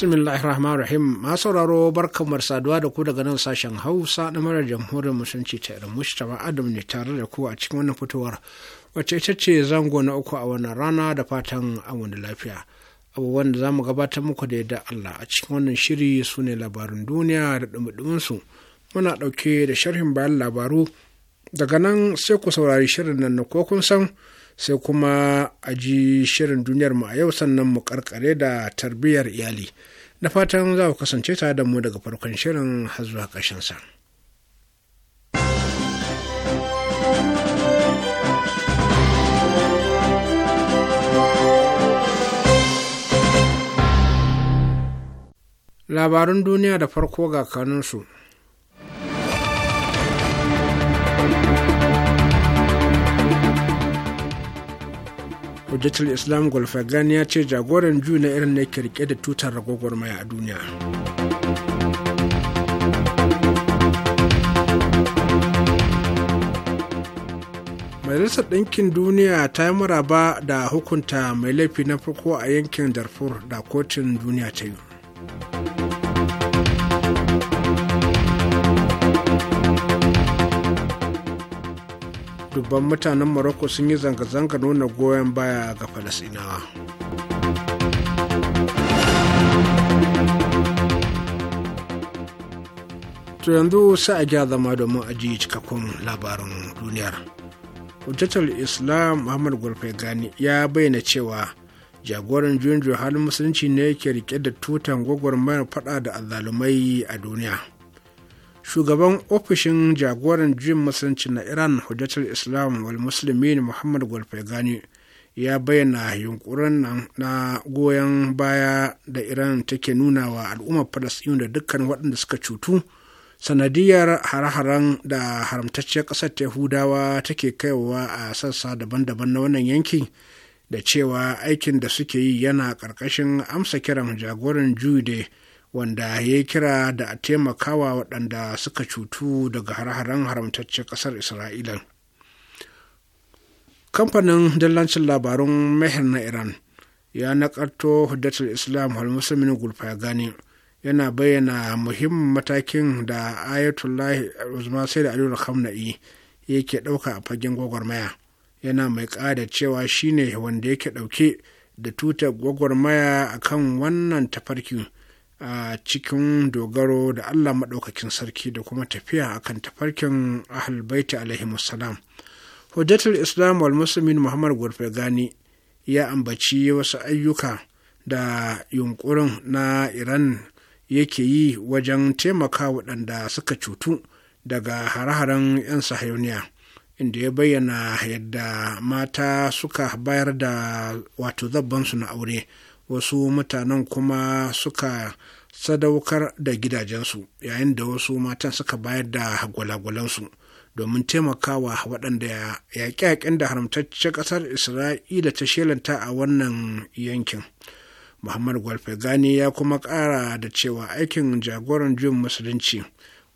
bismillahir rahmanir rahim ma sauraro barkamar saduwa da ku daga nan sashen hausa na marar jamhuriyar musulunci ta irin mustapha adam ne tare da ku a cikin wannan fitowar wacce ita ce zango na uku a wannan rana da fatan an lafiya abubuwan da zamu mu gabatar muku da yadda allah a cikin wannan shiri su ne labarin duniya da su muna ɗauke da sharhin bayan labaru daga nan sai ku saurari shirin nan na ko kun san sai kuma a ji shirin duniyar mu a yau sannan mu karkare da tarbiyyar iyali na fatan za ku kasance tare da mu daga farkon shirin har zuwa ƙarshen sa. Labarun duniya da farko ga kanunsu. hujjatul islam golfagan ya ce jagoran juyi na irin ne kirke da tutar maya a duniya majalisar ɗinkin duniya ta yi maraba da hukunta mai laifi na farko a yankin darfur da kotun duniya ta yi dubban mutanen morocco sun yi zanga-zanga nuna goyon baya ga falasinawa to yanzu sai a gya zama domin a ji cikakkun labarin duniyar hujjatar islam muhammad gulfe gani ya bayyana cewa jagoran juyin halin musulunci ne yake rike da tutan gwagwarmayar fada da azzalumai a duniya shugaban ofishin jagoran juyin musulunci na iran hujjatar islam wal musulmin muhammad gani ya bayyana yunkurin nan na goyon baya da iran take nuna wa al'ummar falasɗinu da dukkan waɗanda suka cutu sanadiyar hare-haren da haramtacciyar ƙasar yahudawa take kaiwa a sassa daban-daban na wannan yanki da cewa aikin da suke yi yana ƙarƙashin amsa kiran jagoran juyi da wanda ya yi kira da a taimakawa waɗanda suka cutu daga har-haren haramtaccen ƙasar isra'ila kamfanin dillancin labarun mehr na iran ya nakarto hudatul islam al-musulmin gulfagani yana bayyana muhimmin matakin da ayatollah uzma sai da aliyu khamna'i yake ɗauka a fagen gwagwarmaya yana mai ƙada cewa shine wanda yake ɗauke da tutar gwagwarmaya a kan wannan tafarki a cikin dogaro da Allah maɗaukakin sarki da kuma tafiya a kan tafarkin ahalbaita alaihi salam. Hujjatul Islam wal Musulmin Muhammad Gurfe Gani ya ambaci wasu ayyuka da yunkurin na Iran yake yi wajen taimaka waɗanda suka cutu daga hare-haren 'yan sahayoniya inda ya bayyana yadda mata suka bayar da wato zabbansu na aure. wasu mutanen kuma suka sadaukar da gidajensu yayin da wasu matan suka bayar da gwalagwalansu domin taimakawa waɗanda yaƙe-yaƙen da haramtaccen ƙasar isra'ila ta shelanta a wannan yankin muhammad gani ya kuma ƙara da cewa aikin jagoran juyin musulunci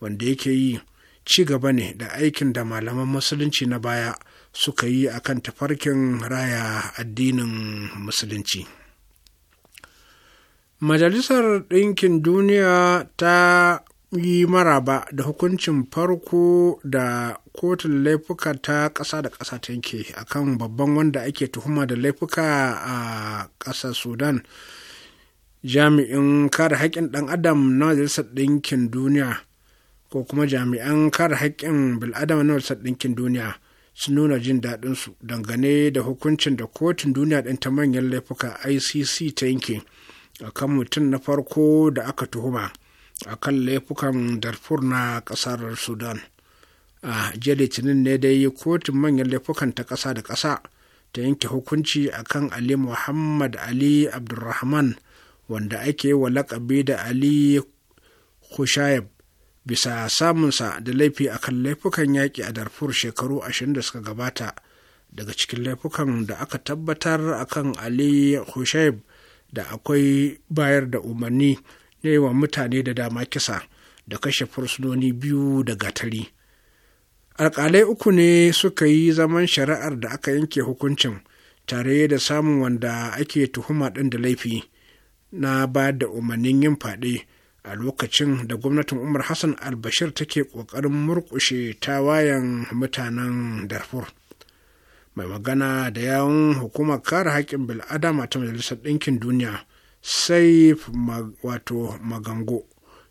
wanda yake yi ci gaba ne da aikin da malaman musulunci na baya suka yi a kan tafarkin raya addinin musulunci. majalisar ɗinkin duniya ta yi maraba da hukuncin farko da kotun laifuka ta ƙasa da ƙasa ta yanke akan babban wanda ake tuhuma da laifuka a ƙasar sudan jami'in kare haƙƙin ɗan adam na majalisar ɗinkin duniya ko kuma jami'an kare haƙƙin bil'adama na majalisar ɗinkin duniya sun nuna jin daɗinsu dangane da hukuncin da kotun duniya ɗin ta manyan laifuka icc ta yanke kan mutum na farko da aka tuhuma a kan laifukan darfur na kasar sudan a jiya litinin ne yi kotun manyan laifukan ta kasa da kasa ta yanke hukunci akan ali muhammad ali abdulrahman wanda ake wa lakabi da ali kushayeb bisa samunsa da laifi a kan laifukan yaƙi a darfur shekaru ashirin da suka gabata daga cikin laifukan da aka tabbatar akan ali kushayeb da akwai bayar da umarni na yi wa mutane da dama kisa da kashe fursunoni biyu da gatari alƙalai uku ne suka yi zaman shari'ar da aka yanke hukuncin tare da samun wanda ake tuhuma ɗin da laifi na ba da umarnin yin faɗi a lokacin da gwamnatin umar hassan albashir take ƙoƙarin murƙushe tawayen mutanen darfur mai magana da yawon hukumar kare haƙƙin bil'adama ta majalisar ɗinkin duniya sai wato magango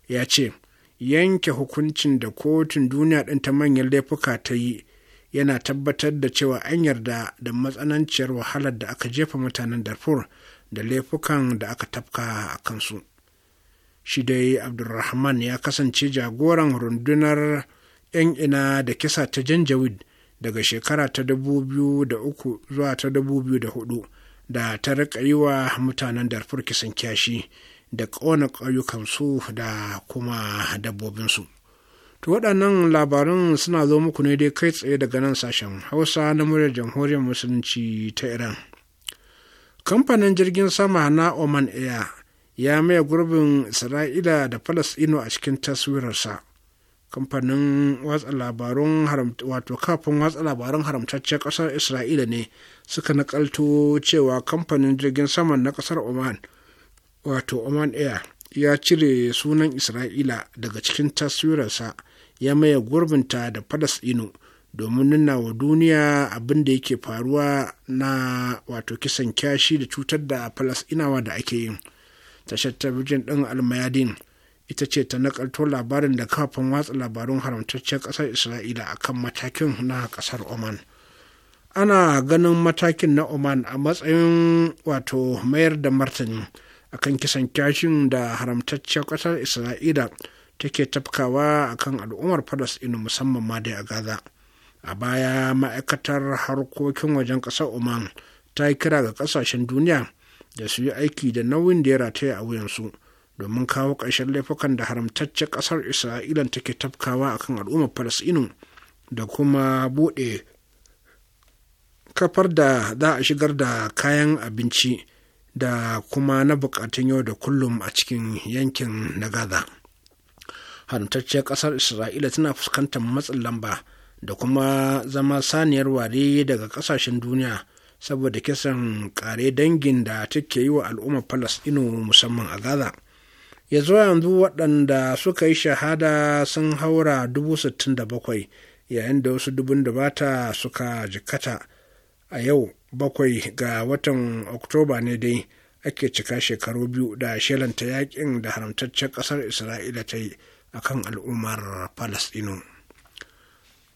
ya ce yanke hukuncin da kotun duniya ɗin ta manyan laifuka ta yi yana tabbatar da cewa an yarda da matsananciyar wahalar da aka jefa mutanen darfur da laifukan da aka tafka a kansu shi dai abdulrahman ya kasance jagoran rundunar 'yan ina da kisa ta janjawid daga shekara ta da uku zuwa ta dubu biyu da da ta rika yi wa mutanen darfur kisan kyashi da ƙona ƙauyukansu da kuma dabbobinsu to waɗannan labaran suna zo muku ne dai kai tsaye daga nan sashen hausa na muryar jamhuriyar musulunci ta iran kamfanin jirgin sama na oman air ya maye gurbin isra'ila da falasɗinu a cikin taswirarsa kamfanin watsa labarun wato kafin watsa labarun haramtaccen kasar isra'ila ne suka nakalto cewa kamfanin jirgin saman na kasar oman wato oman air ya cire sunan isra'ila daga cikin taswirarsa ya maye gurbinta da falasɗinu domin nuna wa duniya abin da yake faruwa na wato kisan kyashi da cutar da falasɗinawa da ake yin tashar talabijin din almayadin ita ce ta nakalto labarin da kafin watsa labarun haramtaccen ƙasar isra'ila a kan matakin na ƙasar oman ana ganin matakin na oman a matsayin wato mayar da martani a kan kisan kyashin da haramtaccen ƙasar isra'ila take tafkawa a kan al'ummar falasɗinu musamman ma dai a gaza a baya ma'aikatar harkokin wajen ƙasar oman ta yi kira ga ƙasashen duniya da su yi aiki da nauyin da ya rataya a wuyansu domin kawo ƙarshen laifukan da haramtaccen ƙasar isra'ila take tafkawa a kan al'ummar falasɗinu da kuma buɗe kafar da za a shigar da kayan abinci da kuma na buƙatun yau da kullum a cikin yankin na gaza haramtaccen ƙasar isra'ila tana fuskantar matsin lamba da kuma zama saniyar ware daga ƙasashen duniya saboda kisan ƙare dangin da take yi wa al'ummar falasɗinu musamman a gaza ya zo yanzu waɗanda suka yi shahada sun haura dubu sittin da bakwai yayin da wasu dubun da bata suka jikata a yau bakwai ga watan oktoba ne dai ake cika shekaru biyu da shelanta yakin da haramtaccen ƙasar isra'ila ta yi a kan al'ummar palestino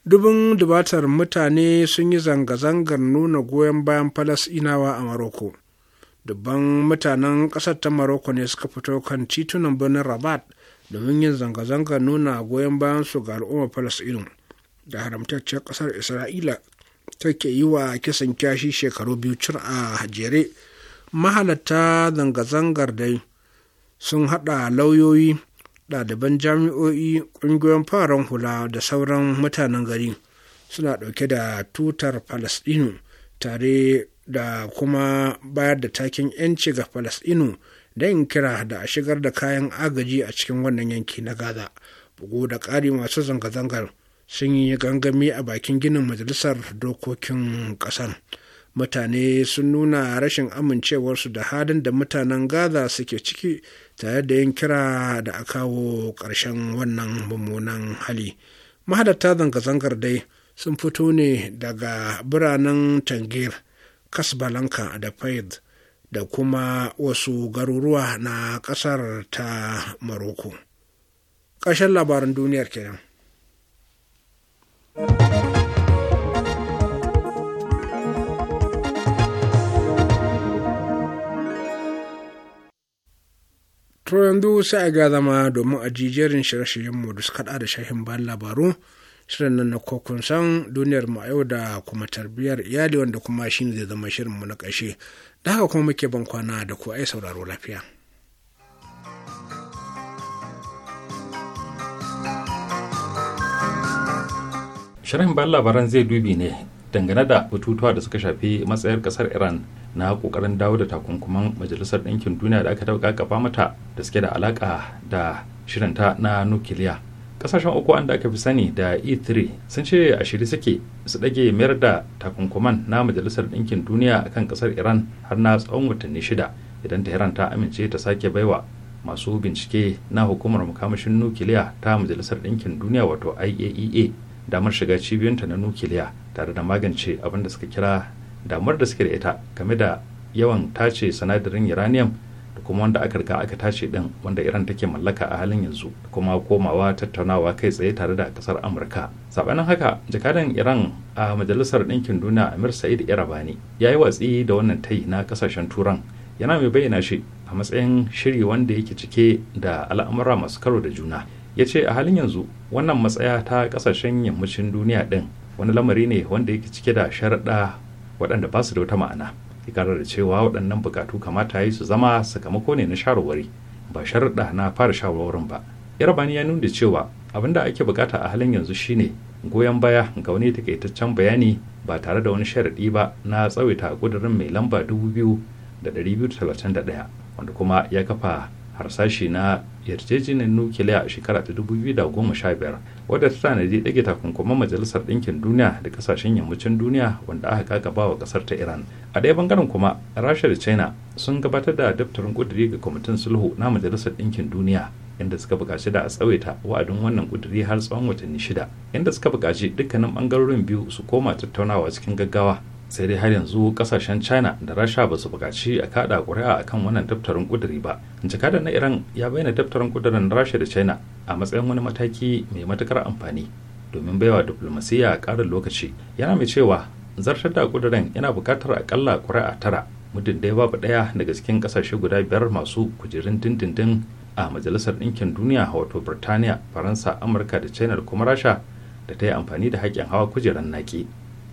Dubun dubatar mutane sun yi zanga-zangar nuna goyon bayan Falasinawa a maroko dubban mutanen ƙasar ta Morocco ne suka fito kan titunan birnin Rabat domin yin zanga-zanga nuna goyon bayan su ga al'ummar Falasɗinu da haramtacciyar ƙasar Isra'ila take yi wa kisan kyashi shekaru biyu cir a Hajere. Mahalatta zanga-zangar dai sun haɗa lauyoyi, ɗaliban jami'o'i, ƙungiyoyin fararen hula da sauran mutanen gari suna ɗauke da tutar Falasɗinu tare da kuma bayar da takin 'yanci ga falasɗinu don kira da a shigar da kayan agaji a cikin wannan yanki na gaza bugu da ƙari masu zanga-zangar sun yi gangami a bakin ginin majalisar dokokin ƙasar mutane sun nuna rashin amincewarsu da halin da mutanen gaza suke ciki tare da yin kira da a kawo ƙarshen wannan mummunan hali mahadatta zanga-zangar dai sun fito ne daga biranen tangir kasbalanka da faid da kuma wasu garuruwa na ƙasar ta maroko ƙarshen labarin duniyar kenan. To yanzu sai a ga zama domin a jijerin shirye mu da suka da shahin bayan labaru shirin nan na kokun san duniyar mu a yau da kuma tarbiyyar iyali wanda kuma shine zai zama shirin mu na ƙarshe da haka kuma muke ban kwana da ku ai sauraro lafiya shirin bayan labaran zai dubi ne dangane da batutuwa da suka shafi matsayar kasar iran na kokarin dawo da takunkuman majalisar ɗinkin duniya da aka dauka mata da suke da alaƙa da shirinta na nukiliya kasashen uku wanda aka fi sani da e3 sun ce a shiri suke su ɗage mayar da takunkuman na majalisar ɗinkin duniya akan ƙasar iran har na tsawon watanni shida idan ta tehran ta amince ta sake baiwa masu bincike na hukumar makamashin nukiliya ta majalisar ɗinkin duniya wato iaea e damar shiga cibiyunta na nukiliya tare da magance abin da suka kira damar da suke da ita game da yawan tace sinadarin uranium da kuma wanda aka riga aka tashi din wanda iran take mallaka a halin yanzu kuma komawa tattaunawa kai tsaye tare da kasar amurka sabanin haka jakadan iran a majalisar ɗinkin duniya amir sa'id irabani ya yi watsi da wannan tayi na kasashen turan yana mai bayyana shi a matsayin shiri wanda yake cike da al'amura masu karo da juna ya ce a halin yanzu wannan matsaya ta kasashen yammacin duniya din wani lamari ne wanda yake cike da sharaɗa waɗanda ba su da wata ma'ana ikarar da cewa waɗannan bukatu kamata yi su zama sakamako ne na shawarwari ba sharuɗa na fara shawarwarin ba yarabani ya nuna cewa abin da ake bukata a halin yanzu shine goyon baya ga wani takaitaccen bayani ba tare da wani sharaɗi ba na tsawaita a ƙudurin mai lamba 2231 wanda kuma ya kafa harsashi na yarjejeniyar nukiliya a shekara ta 2015 wadda ta tanadi ɗage takunkuman majalisar ɗinkin duniya da ƙasashen yammacin duniya wanda aka kakaba wa ƙasar ta iran a ɗaya bangaren kuma rasha da china sun gabatar da daftarin ƙuduri ga kwamitin sulhu na majalisar ɗinkin duniya inda suka buƙaci da a tsawaita wa'adin wannan ƙuduri har tsawon watanni shida inda suka buƙaci dukkanin ɓangarorin biyu su koma tattaunawa cikin gaggawa sai dai har yanzu kasashen china da rasha ba su buƙaci a kada ƙuri'a kan wannan daftarin ƙuduri ba jakadar na iran ya bayyana daftarin ƙudurin rasha da china a matsayin wani mataki mai matukar amfani domin baiwa diplomasiya ƙarin lokaci yana mai cewa zartar da ƙudurin yana buƙatar akalla ƙuri'a tara muddin dai babu ɗaya daga cikin ƙasashe guda biyar masu kujerun dindindin a majalisar ɗinkin duniya wato birtaniya faransa amurka da china da kuma rasha da ta yi amfani da haƙƙin hawa kujerar naƙi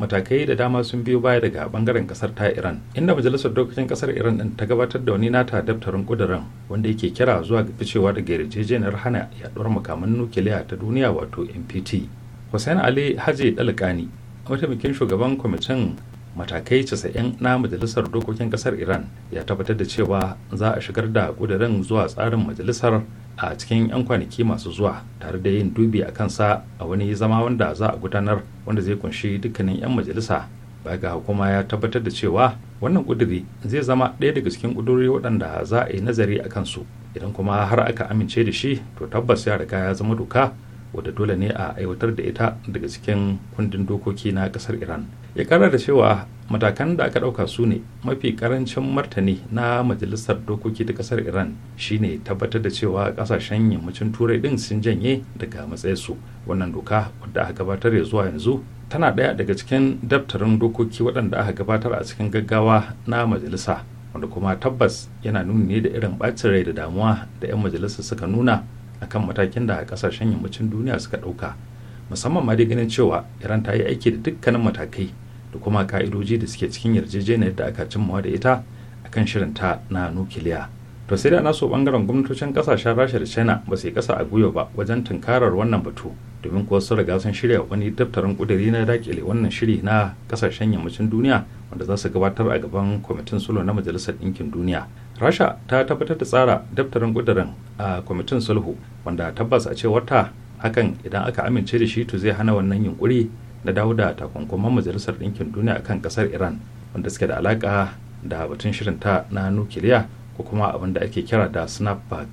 matakai da dama sun biyo baya daga bangaren kasar ta iran inda majalisar dokokin kasar iran din ta gabatar da wani nata daftarin kudirin wanda yake kira zuwa ga ficewa daga yarjejeniyar hana yaduwar makaman nukiliya ta duniya wato npt hussein ali haji dalakani mataimakin shugaban kwamitin matakai 90 na majalisar dokokin kasar iran ya tabbatar da cewa za a shigar da kudirin zuwa tsarin majalisar a cikin 'yan kwanaki masu zuwa tare da yin dubi a kansa a wani zama wanda za a gudanar wanda zai kunshi dukkanin 'yan majalisa baya ga hukuma ya tabbatar da cewa wannan ƙuduri zai zama ɗaya daga cikin ƙuduri waɗanda za a yi nazari a kansu idan kuma har aka amince da shi to tabbas ya riga ya zama doka wadda dole ne a aiwatar da ita daga cikin kundin dokoki na ƙasar iran ya kara da cewa matakan da aka ɗauka su ne mafi karancin martani na majalisar dokoki ta ƙasar iran shine tabbatar da cewa ƙasashen yammacin turai ɗin sun janye daga matsayinsu wannan doka wadda aka gabatar ya zuwa yanzu tana ɗaya daga cikin daftarin dokoki waɗanda aka gabatar a cikin gaggawa na majalisa wanda kuma tabbas yana nuni ne da irin ɓacin rai da damuwa da 'yan majalisa suka nuna akan matakin da ƙasashen yammacin duniya suka ɗauka musamman ma dai ganin cewa iran ta yi aiki da dukkanin matakai da kuma ka'idoji da suke cikin yarjejeniyar da aka cimmawa da ita akan shirin ta na nukiliya to sai da naso bangaren gwamnatocin kasashen rasha da china ba su yi kasa a gwiwa ba wajen tunkarar wannan batu domin kuwa sun riga sun shirya wani daftarin kudiri na dakile wannan shiri na kasashen yammacin duniya wanda za su gabatar a gaban kwamitin sulhu na majalisar ɗinkin duniya rasha ta tabbatar da tsara daftarin kudirin a kwamitin sulhu wanda tabbas a cewar ta hakan idan aka amince da shi to zai hana wannan yunkuri na dawo da takunkuman majalisar ɗinkin duniya akan ƙasar iran wanda suke da alaƙa da batun shirin ta na nukiliya ko kuma abin da ake kira da snapback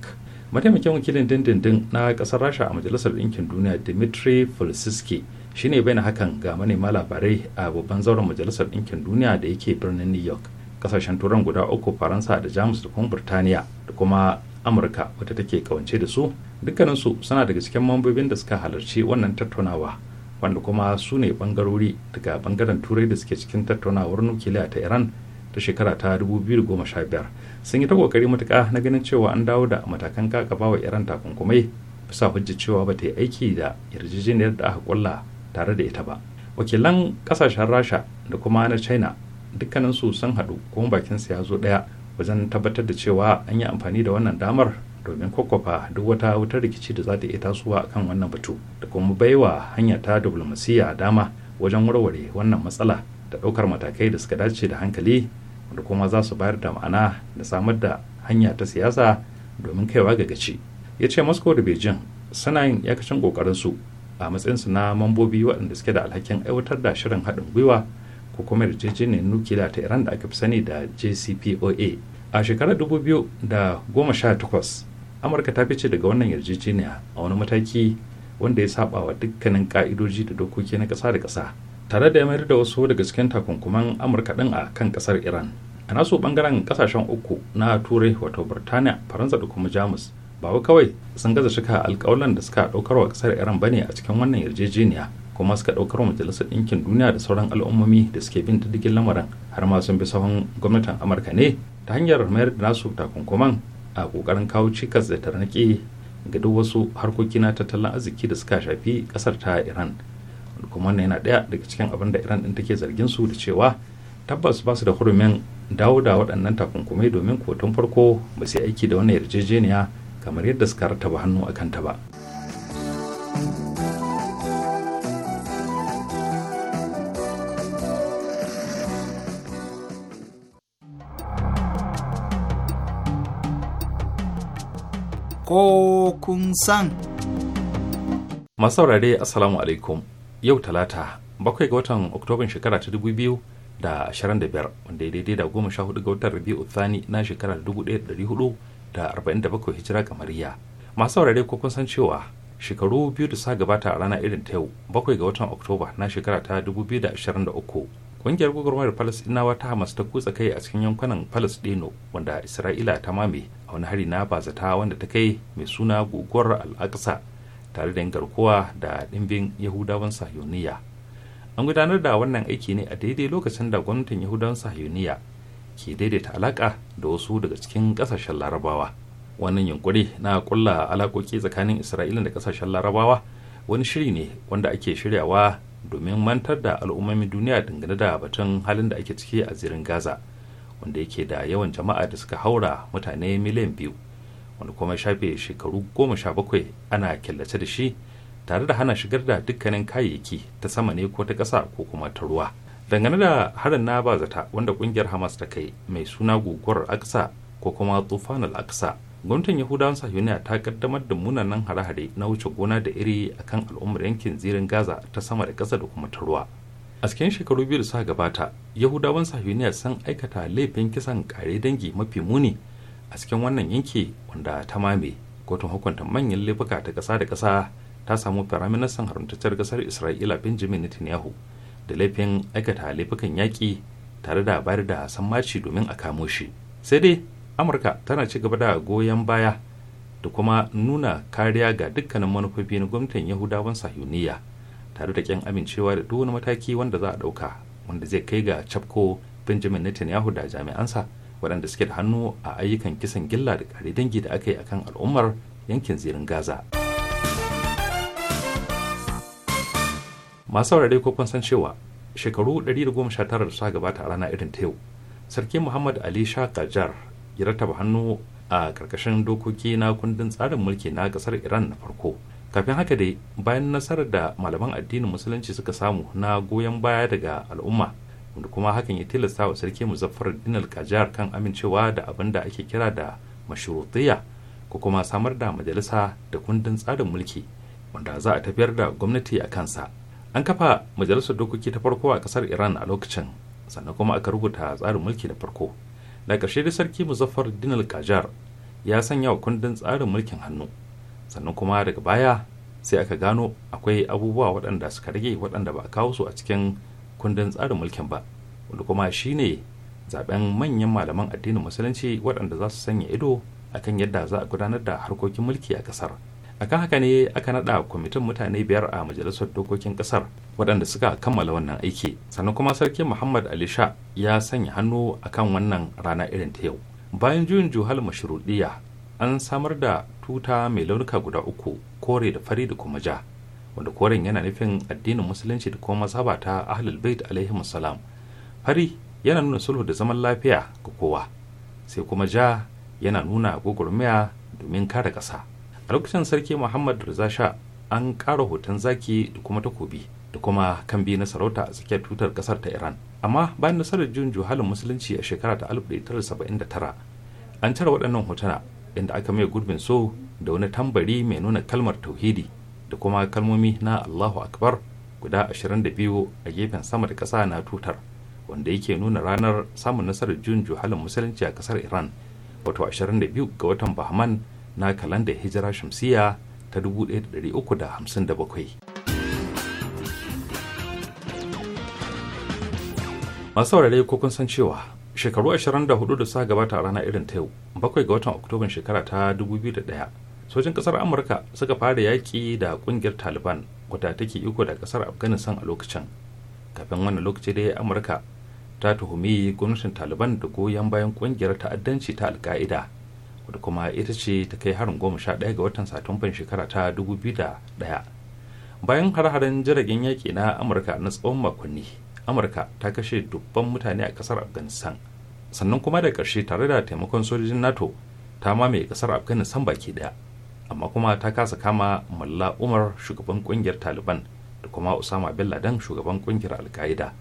mataimakin wakilin dindindin na ƙasar rasha a majalisar ɗinkin duniya dimitri fulsiski shine na hakan ga manema labarai a babban zauren majalisar ɗinkin duniya da yake birnin new york kasashen turan guda uku faransa da jamus da kuma burtaniya da kuma amurka wata take kawance da su dukkaninsu suna daga cikin mambobin da suka halarci wannan tattaunawa wanda kuma su ne bangarori daga bangaren turai da suke cikin tattaunawar nukiliya ta iran ta shekara ta 2015 sun yi ta kokari matuka na ganin cewa an dawo da matakan kakaba wa iran takunkumai bisa hujjar cewa ba ta yi aiki da yarjejeniyar da aka kulla tare da ita ba wakilan kasashen rasha da kuma na china dukkaninsu sun haɗu kuma su ya zo ɗaya wajen tabbatar da cewa an yi amfani da wannan damar domin kwakwafa duk wata wutar rikici da za ta iya tasowa akan wannan batu da kuma baiwa hanya ta diplomasiya dama wajen warware wannan matsala da ɗaukar matakai da suka dace da hankali da kuma za su bayar da ma'ana da samar da hanya ta siyasa domin kaiwa ga gaci ya ce moscow da beijing suna yin iyakacin ƙoƙarinsu a matsayinsu na mambobi waɗanda suke da alhakin aiwatar da shirin haɗin gwiwa ko kuma yarjejeniyar nukiliya ta iran da aka fi sani da jcpoa a shekarar 2018 amurka ta fice daga wannan yarjejeniya a wani mataki wanda ya saba wa dukkanin ka'idoji da dokoki na kasa da ƙasa tare da ya mayar da wasu daga cikin takunkuman amurka ɗin a kan ƙasar iran a naso ɓangaren ƙasashen uku na turai wato birtaniya faransa da kuma jamus ba wai kawai sun gaza shika alƙawalan da suka ɗaukar wa ƙasar iran bane a cikin wannan yarjejeniya kuma suka ɗaukar majalisar ɗinkin duniya da sauran al'ummomi da suke bin diddigin lamarin har ma sun bi sahun gwamnatin amurka ne ta hanyar mayar da nasu takunkuman a kokarin kawo cikas da tarnaƙi ga duk wasu harkoki na tattalin arziki da suka shafi kasar ta iran kuma wannan yana daya daga cikin abin da iran ɗin take zargin su da cewa tabbas ba su da hurumin dawo da waɗannan takunkumai domin kotun farko ba su aiki da wannan yarjejeniya kamar yadda suka rataba hannu a kanta ba. ko kun san. Masaurare Assalamu alaikum yau talata bakwai ga watan Oktoban shekara ta dubu biyu da ashirin da biyar wanda ya daidai da goma sha hudu ga watan Rabi'u Thani na shekara da dubu ɗaya da dari hudu da arba'in da bakwai hijira kamariya. Masaurare ko kun san cewa shekaru biyu da sa gabata a rana irin ta yau bakwai ga watan Oktoba na shekara ta dubu biyu da ashirin da uku kungiyar gwagwarmayar falasɗinawa ta hamas ta kutsa kai a cikin yankunan falasɗino wanda isra'ila ta mame a wani hari na bazata wanda ta kai mai suna guguwar al'aqsa tare da yin garkuwa da ɗimbin yahudawan sahiyoniya an gudanar da wannan aiki ne a daidai lokacin da gwamnatin yahudawan sahiyoniya ke daidaita alaƙa da wasu daga cikin ƙasashen larabawa wannan yunkuri na kulla alaƙoƙi tsakanin isra'ila da ƙasashen larabawa wani shiri ne wanda ake shiryawa domin mantar da al'ummomin duniya dangane da batun halin da ake ciki a zirin gaza wanda yake da yawan jama'a da suka haura mutane miliyan biyu wanda kuma shafe shekaru goma sha bakwai ana killace da shi tare da hana shigar da dukkanin kayayyaki ta sama ne ko ta ƙasa ko kuma ta ruwa dangane da harin na bazata wanda kungiyar hamas ta kai mai suna guguwar aksa ko kuma tufanul aksa gwamnatin yahudawan sahiyoniya ta kaddamar da munanan hare-hare na wuce gona da iri akan al'ummar yankin zirin gaza ta sama da ƙasa da kuma ta ruwa a cikin shekaru biyu da suka gabata yahudawan sahiyoniya sun aikata laifin kisan kare dangi mafi muni a cikin wannan yanki wanda ta mame kotun hukunta manyan laifuka ta kasa da kasa ta samu firaministan haramtacciyar kasar isra'ila benjamin netanyahu da laifin aikata laifukan yaƙi tare da bayar da sammaci domin a kamo shi sai dai amurka tana ci gaba da goyon baya da kuma nuna kariya ga dukkanin manufofi na gwamnatin yahudawan sahiyoniya tare da kyan amincewa da duk wani mataki wanda za a ɗauka wanda zai kai ga cafko benjamin netanyahu da jami'ansa waɗanda suke da hannu a ayyukan kisan gilla da kare dangi da aka yi akan al'ummar yankin zirin gaza masu saurare ko kun san cewa shekaru 119 da suka gabata a rana irin ta yau sarki muhammad ali shah qajar ya rattaba hannu a ƙarƙashin dokoki na kundin tsarin mulki na ƙasar iran na farko kafin haka dai bayan nasarar da malaman addinin musulunci suka samu na goyon baya daga al'umma wanda kuma hakan ya tilasta wa sarki muzaffar dinar kajar kan amincewa da abin da ake kira da mashurutiyya ko kuma samar da majalisa da kundin tsarin mulki wanda za a tafiyar da gwamnati a kansa an kafa majalisar dokoki ta farko a kasar iran a lokacin sannan kuma aka rubuta tsarin mulki da farko da ƙarshe da sarki muzaffar dinar kajar ya sanya wa kundin tsarin mulkin hannu sannan kuma daga baya sai aka gano akwai abubuwa waɗanda suka rage waɗanda ba a kawo su a cikin kundin tsarin mulkin ba wanda kuma shine zaben manyan malaman addinin musulunci waɗanda za su sanya ido akan yadda za a gudanar da harkokin mulki a kasar akan haka ne aka naɗa kwamitin mutane biyar a majalisar dokokin ƙasar waɗanda suka kammala wannan aiki sannan kuma sarki muhammad ali sha ya sanya hannu akan wannan rana irin ta yau bayan juyin juhal mashruɗiya an samar da tuta mai launuka guda uku kore da fari da kuma ja wanda koren yana nufin addinin musulunci da kuma mazhaba ta ahlul bait alaihi salam fari yana nuna sulhu da zaman lafiya ga kowa sai kuma ja yana nuna gwagwarmaya domin kare ƙasa a lokacin sarki muhammad Rza sha an ƙara hoton zaki da kuma takobi da kuma kan kambi na sarauta a tsakiyar tutar ƙasar ta iran amma bayan nasarar juyin juhalin musulunci a shekara ta 1979 an cire waɗannan hotuna inda aka mai gurbin so da wani tambari mai nuna kalmar tauhidi da kuma kalmomi na allahu akbar guda 22 a gefen sama da ƙasa na tutar wanda yake nuna ranar samun nasarar jun juhalin musulunci a ƙasar iran wato 22 ga watan bahman na kalandar hijira shamsiya ta 1357 masu saurare ko kun san cewa shekaru 24 da suka gabata a rana irin ta yau bakwai ga watan oktoban shekara ta 2001 sojin kasar amurka suka fara yaƙi da ƙungiyar taliban wadda take iko da kasar afghanistan a lokacin kafin wannan lokaci dai amurka ta tuhumi gwamnatin taliban da goyon bayan ƙungiyar ta'addanci ta alka'ida wadda kuma ita ce ta kai harin goma sha ɗaya ga watan satumban shekara ta 2001 bayan har-haren jiragen yaƙi na amurka na tsawon makonni amurka ta kashe dubban mutane a kasar afghanistan sannan kuma da ƙarshe tare da taimakon sojojin nato ta mamaye kasar afghanistan baki daya amma kuma ta kasa kama malla umar shugaban kungiyar taliban da kuma usama bin laden shugaban kungiyar alkaida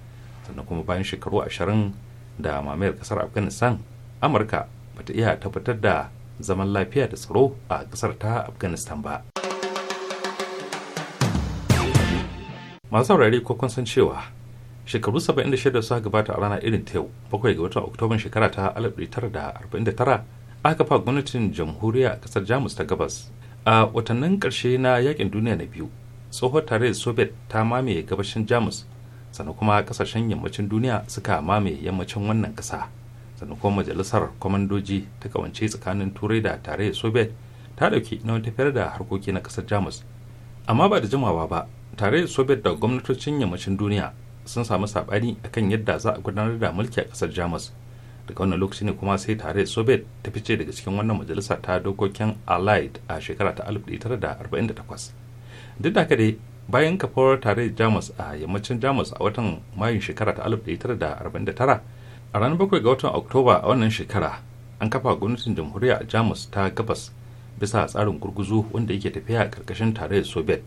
sannan kuma bayan shekaru ashirin da mamayar kasar afghanistan amurka bata iya tabbatar da zaman lafiya da tsaro a kasar ta afghanistan ba masu saurari ko kun san cewa shekaru 76 suka gabata a rana irin ta yau bakwai ga watan oktoban shekara ta 1949 aka fa gwamnatin jamhuriya a kasar jamus ta gabas a watannin karshe na yakin duniya na biyu tsohon tarayyar soviet ta mamaye gabashin jamus sannan kuma kasashen yammacin duniya suka mamaye yammacin wannan kasa sannan kuma majalisar kwamandoji ta kawance tsakanin turai da tarayyar soviet ta dauki na tafiyar da harkoki na kasar jamus amma ba da jimawa ba tarayyar soviet da gwamnatocin yammacin duniya sun samu saɓani kan yadda za a gudanar da mulki a kasar jamus daga wannan lokaci ne kuma sai tare soviet ta fice daga cikin wannan majalisa ta dokokin allied a shekara ta 1948 duk da dai bayan kafawar tare jamus a yammacin jamus a watan mayun shekara ta 1949 a ranar 7 ga watan oktoba a wannan shekara an kafa gwamnatin jamhuriya a jamus ta gabas bisa tsarin gurguzu wanda yake tafiya a ƙarƙashin tarayyar soviet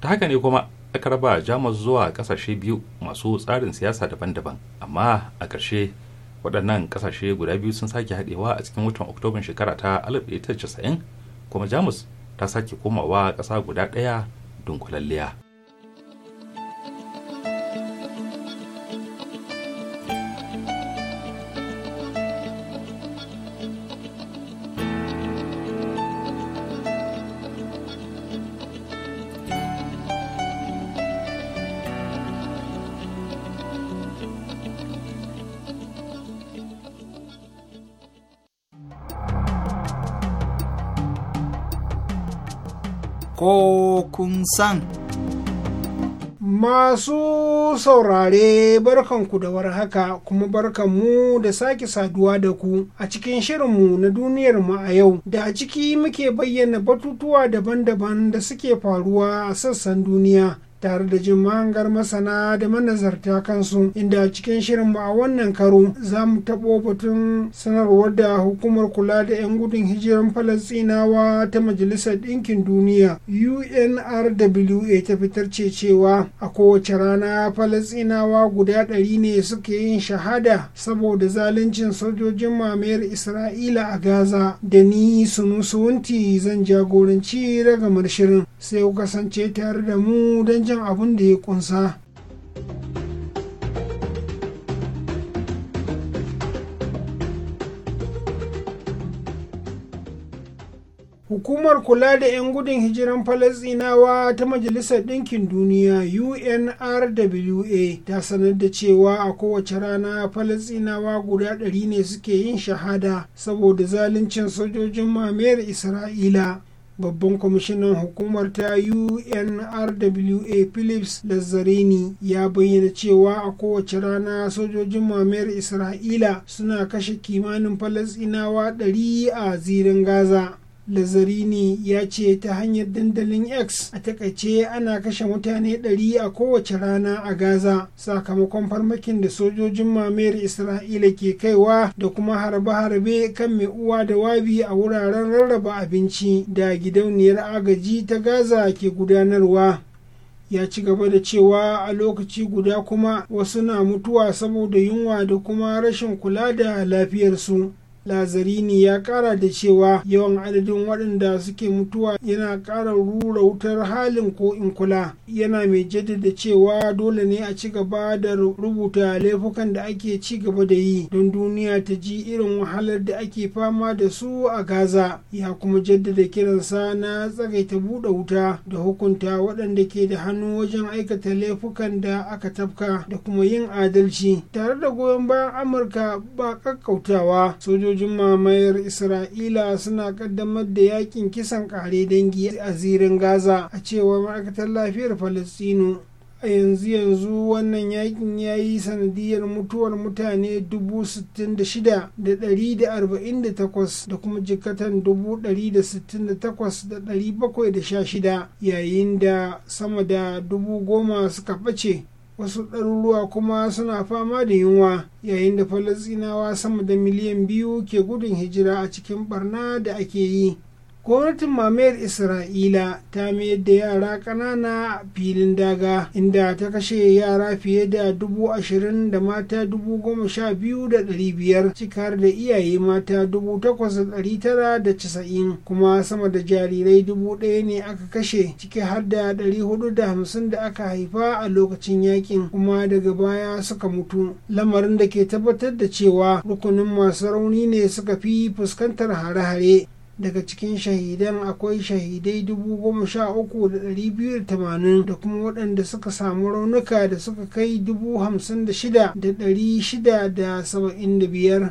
ta haka ne kuma aka raba jamus zuwa kasashe biyu masu tsarin siyasa daban-daban amma a ƙarshe waɗannan kasashe guda biyu sun sake haɗewa a cikin watan oktoban shekara ta 1990 kuma jamus ta sake komawa ƙasa guda ɗaya dunkulalliya. kun san. Masu saurare barkanku da haka kuma barkanmu da sake saduwa da ku a cikin shirinmu na duniyarmu a yau da a ciki muke bayyana batutuwa daban-daban da suke faruwa a sassan duniya tare da jin mahangar masana da manazarta kansu inda cikin shirinmu a wannan karo za mu taɓo batun sanarwar da hukumar kula da 'yan gudun hijiran falasinawa ta majalisar ɗinkin duniya unrwa ta fitar ce cewa a kowace rana falasinawa guda ɗari ne suke yin shahada saboda zaluncin sojojin mamayar isra'ila a gaza da ni sunusuwunti zan jagoranci ragamar shirin sai kasance tare da mu don jan abin da ya kunsa Hukumar kula da 'yan gudun hijiran Falasinawa ta Majalisar Ɗinkin Duniya UNRWA ta sanar da cewa a kowace rana falasinawa guda ɗari ne suke yin shahada saboda zaluncin sojojin mamayar Isra'ila. babban kwamishinan hukumar ta unrwa philips lazzarini ya bayyana cewa a kowace rana sojojin mamayar isra'ila suna kashe kimanin falasinawa 100 a zirin gaza Lazarini ya ce ta hanyar dandalin X a takaice ana kashe mutane 100 a kowace rana a Gaza sakamakon farmakin da sojojin mamayar Isra'ila ke kaiwa da kuma harbe-harbe kan mai uwa da wabi a wuraren rarraba abinci da gidauniyar agaji ta Gaza ke gudanarwa. ya ci gaba da cewa a lokaci guda kuma wasu na mutuwa saboda yunwa da kuma rashin kula da lafiyarsu. lazarini ya kara da cewa yawan adadin waɗanda suke mutuwa yana kara rura wutar halin ko in kula yana mai jaddada cewa dole ne a ci gaba da rubuta laifukan da ake ci gaba da yi don duniya ta ji irin wahalar da ake fama da su a gaza ya kuma jaddada kiransa na tsagaita buɗe wuta da hukunta waɗanda ke da hannu wajen aikata laifukan da aka tafka da kuma yin adalci tare da goyon bayan amurka ba kakkautawa sojoji sojojin mamayar isra'ila suna kaddamar da yakin kisan kare dangi a zirin gaza a cewa ma'aikatar lafiyar falastino a yanzu yanzu wannan yakin ya yi sanadiyar mutuwar mutane 66,148 da kuma jikatan 168,716 yayin da sama da 10,000 suka ɓace wasu ɗaruruwa kuma suna fama da yunwa yayin da falasinawa sama da miliyan biyu ke gudun hijira a cikin barna da ake yi gwamnatin mamayar isra'ila ta mayar da yara ƙanana a filin daga inda ta kashe yara fiye da dubu ashirin da mata dubu goma sha biyu da ɗari biyar cikar da iyaye mata dubu takwas da ɗari tara da casa'in kuma sama da jarirai dubu ɗaya ne aka kashe ciki har da ɗari hudu da hamsin da aka haifa a lokacin yakin kuma daga baya suka mutu lamarin da ke tabbatar da cewa rukunin masu rauni ne suka fi fuskantar hare-hare daga cikin shahidan akwai shahidai 13,280 da kuma waɗanda suka samu raunuka da suka kai 56,675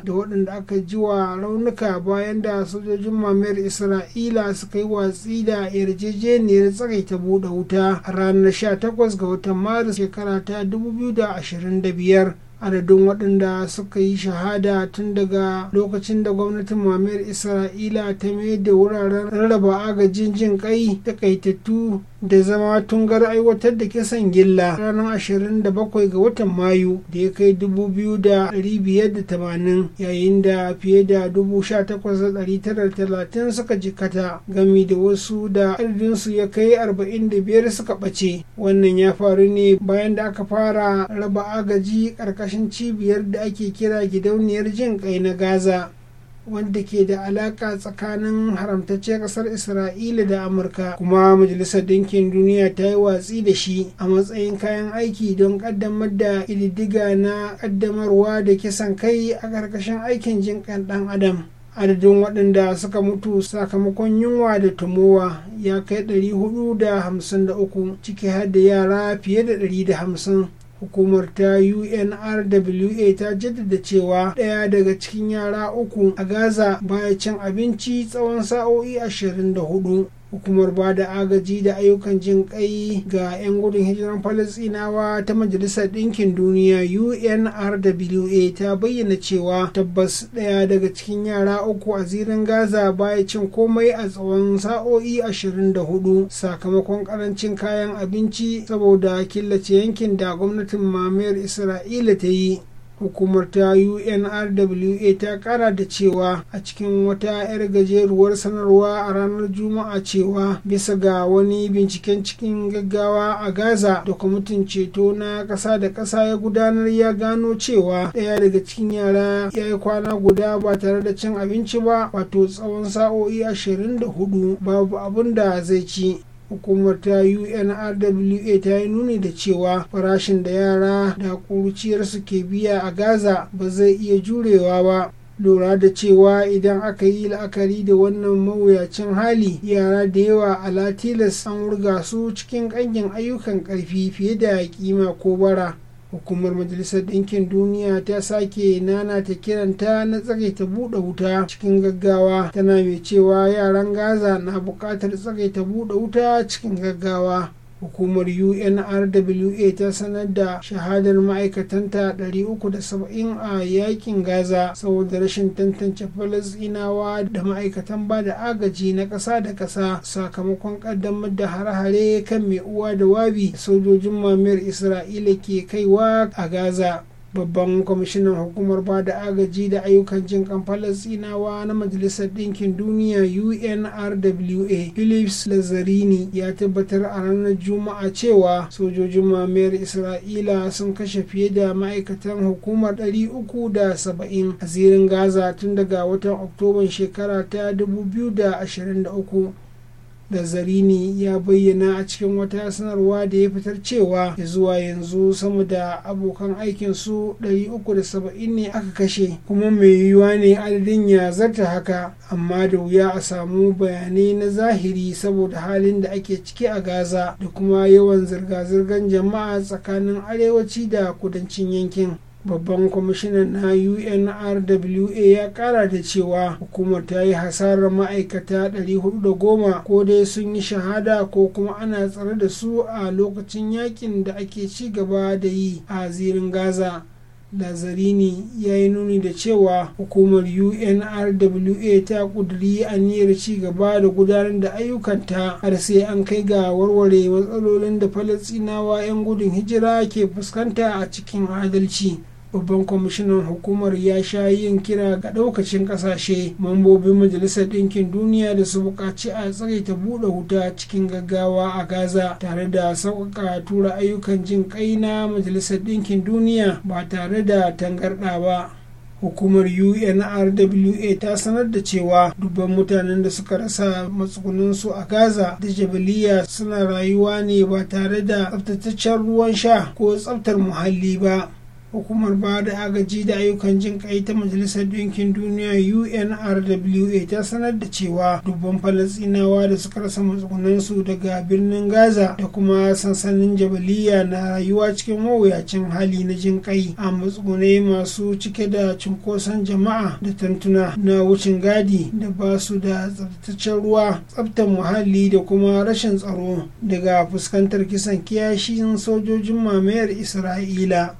da waɗanda aka ji wa raunuka bayan da sojojin mamayar isra'ila suka yi watsi da yarjejeniyar ta buɗe wuta Ranar ranar 18 ga watan maris shekara ta 2025 adadin waɗanda suka yi shahada tun daga lokacin da gwamnatin mamayar isra'ila ta mai da wuraren rarraba agajin jin kai takaitattu da zama tungar aiwatar da kisan gilla ranar 27 ga watan mayu da ya kai 2,580 yayin da fiye da 18,930 suka jikata gami da wasu da adadinsu ya kai 45 suka ɓace wannan ya faru ne bayan da aka fara raba agaji ƙarƙashin ƙarƙashin cibiyar da ake kira gidauniyar jin kai na gaza wanda ke da alaƙa tsakanin haramtacce ƙasar isra'ila da amurka kuma majalisar ɗinkin duniya ta yi watsi da shi a matsayin kayan aiki don ƙaddamar da ƙididdiga na ƙaddamarwa da kisan kai a ƙarƙashin aikin jin kan ɗan adam adadin waɗanda suka mutu sakamakon yunwa da tumowa ya kai 453 ciki har da yara fiye da 150 hukumar ta unrwa ta jaddada cewa ɗaya daga cikin yara uku a gaza baya cin abinci tsawon sa'o'i 24 hukumar ba da agaji da ayyukan jin kai ga 'yan gudun hijiran falasinawa ta majalisar ɗinkin duniya unrwa ta bayyana cewa tabbas ɗaya daga cikin yara uku a zirin gaza baya cin komai a tsawon sa'o'i 24 sakamakon ƙarancin kayan abinci saboda killace yankin da gwamnatin mamayar isra'ila ta yi hukumar ta unrwa ta kara da cewa a cikin wata 'yar gajeruwar sanarwa a ranar juma'a cewa bisa ga wani binciken cikin gaggawa a gaza da kwamitin ceto na ƙasa da ƙasa ya gudanar ya gano cewa ɗaya daga cikin yara ya yi kwana guda ba tare da cin abinci ba wato tsawon sa'o'i 24 babu abin da zai ci hukumar ta unrwa ta yi nuni da cewa farashin da yara da ƙuruciyarsu ke biya a gaza ba zai iya jurewa ba lura da cewa idan aka yi la'akari da wannan mawuyacin hali yara da yawa a latilas an wurga su cikin ƙangin ayyukan ƙarfi fiye da kima ko bara hukumar majalisar ɗinkin duniya ta sake nana ta kiranta na ta buɗe wuta cikin gaggawa tana mai cewa yaran gaza na buƙatar ta buɗe wuta cikin gaggawa hukumar unrwa ta sanar da shahadar ma'aikatanta 370 a yakin gaza saboda rashin tantance falasinawa da ma'aikatan ba da agaji na ƙasa da ƙasa sakamakon ƙaddamar da hare-hare kan mai uwa da wabi sojojin mamayar isra'ila ke kaiwa a gaza babban kwamishinan hukumar ba da agaji da ayyukan jin kan falasinawa na majalisar ɗinkin duniya unrwa philips lazarini ya tabbatar a ranar juma'a cewa sojojin mamayar isra'ila sun kashe fiye da ma'aikatan hukumar 370 a zirin gaza tun daga watan oktoban shekara ta 2023 Da zarini ya bayyana a cikin wata sanarwa da ya fitar cewa zuwa yanzu sama da abokan aikinsu 370 ne aka kashe kuma mai yiwuwa ne adadin ya zarta haka amma da wuya a samu bayanai na zahiri saboda halin da ake ciki a Gaza da kuma yawan zirga-zirgar jama'a tsakanin arewaci da kudancin yankin. babban kwamishinan na unrwa ya kara da cewa hukumar ta yi hasarar ma'aikata 410 ko dai sun yi shahada ko kuma ana tsare da su a lokacin yakin da ake ci gaba da yi a zirin gaza lazarini ya yi nuni da cewa hukumar unrwa ta kuduri aniyar ci gaba da gudanar da ayyukanta har sai an kai ga warware matsalolin da falasinawa 'yan gudun hijira ke fuskanta a cikin adalci babban kwamishinan hukumar ya sha yin kira ga daukacin kasashe mambobin majalisar ɗinkin duniya da su buƙaci a tsagaita buɗe wuta cikin gaggawa a gaza tare da sauƙaƙa tura ayyukan jin kai na majalisar ɗinkin duniya ba tare da tangarɗa ba hukumar unrwa ta sanar da cewa dubban mutanen da suka rasa matsugunansu a gaza da jabaliya suna rayuwa ne ba tare da tsaftataccen ruwan sha ko tsaftar muhalli ba hukumar ba da agaji da ayyukan jin kai ta majalisar Dinkin duniya unrwa ta sanar da cewa dubban falasinawa da suka rasa matsugunansu daga birnin gaza da kuma sansanin jabaliya na rayuwa cikin mawuyacin hali na jin kai a matsugunai masu cike da cunkoson jama'a da tantuna na wucin gadi da ba su da tsabtaccen ruwa tsabtar muhalli da kuma rashin tsaro daga fuskantar kisan kiyashin sojojin mamayar isra'ila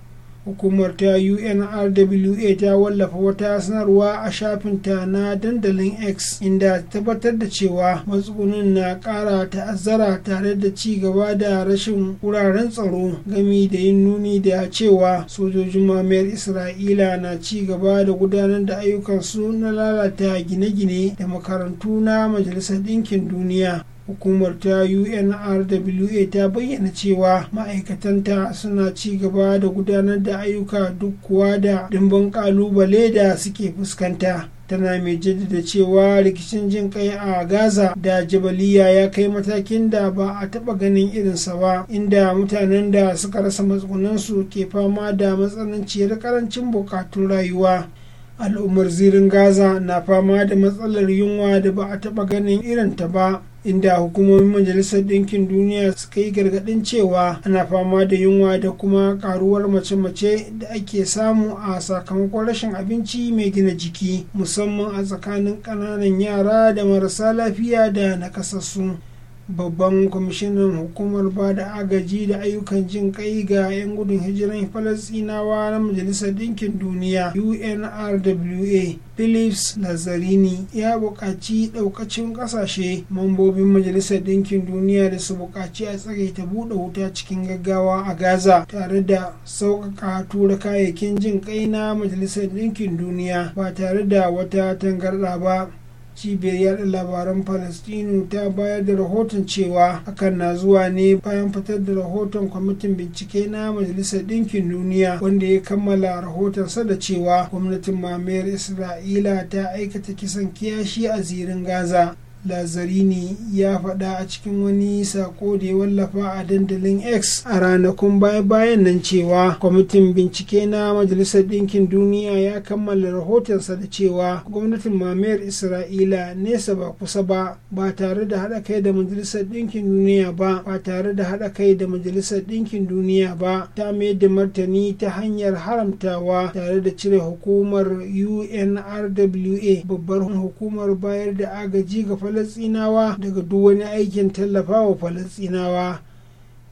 hukumar ta unrwa ta wallafa wata sanarwa a shafinta na dandalin x inda a tabbatar da cewa matsugunin na kara ta'azzara tare da ci gaba da rashin wuraren tsaro gami da yin nuni da cewa sojojin mamayar isra'ila na ci gaba da gudanar da ayyukansu na lalata gine-gine da makarantu na majalisar ɗinkin duniya hukumar ta unrwa ta bayyana cewa ma'aikatanta suna ci gaba da gudanar da ayyuka duk kuwa da dimbin kalubale da suke fuskanta tana mai jaddada cewa rikicin jin kai a gaza da jabaliya ya kai matakin da ba a taba ganin irinsa ba inda mutanen da suka rasa matsugunansu ke fama da matsananciyar karancin bukatun rayuwa al'ummar zirin gaza na fama da matsalar yunwa da ba a taba ganin irinta ba inda hukumomin majalisar ɗinkin duniya suka yi gargaɗin cewa ana fama da yunwa da kuma karuwar mace-mace da ake samu a sakamakon rashin abinci mai gina jiki musamman a tsakanin ƙananan yara da marasa lafiya da nakasassu babban kwamishinan hukumar ba da agaji da ayyukan jin kai ga 'yan gudun hijiran falasinawa na majalisar Dinkin duniya unrwa philips nazarini ya buƙaci ɗaukacin ƙasashe mambobin majalisar Dinkin duniya da su buƙaci a tsare ta buɗe wuta cikin gaggawa a gaza tare da sauƙaƙa tura kayayyakin jin kai na majalisar Dinkin duniya ba tare da wata tangarɗa ba cibiyar labaran palestino ta bayar da rahoton cewa hakan na zuwa ne bayan fitar da rahoton kwamitin bincike na majalisar ɗinkin duniya wanda ya kammala rahotonsa da cewa gwamnatin mamayar isra'ila ta aikata kisan kiyashi a zirin gaza lazarini ya faɗa a cikin wani sako da ya wallafa a dandalin x a ranakun baya-bayan nan cewa kwamitin bincike na majalisar ɗinkin duniya ya kammala rahotonsa da cewa gwamnatin mamayar isra'ila nesa ba kusa ba ba tare da haɗa kai da majalisar ɗinkin duniya ba ba tare da haɗa kai da majalisar ɗinkin duniya ba ta mai da martani ta hanyar haramtawa tare da cire hukumar unrwa babbar hukumar bayar da agaji ga falasinawa daga duk wani aikin tallafawa falasinawa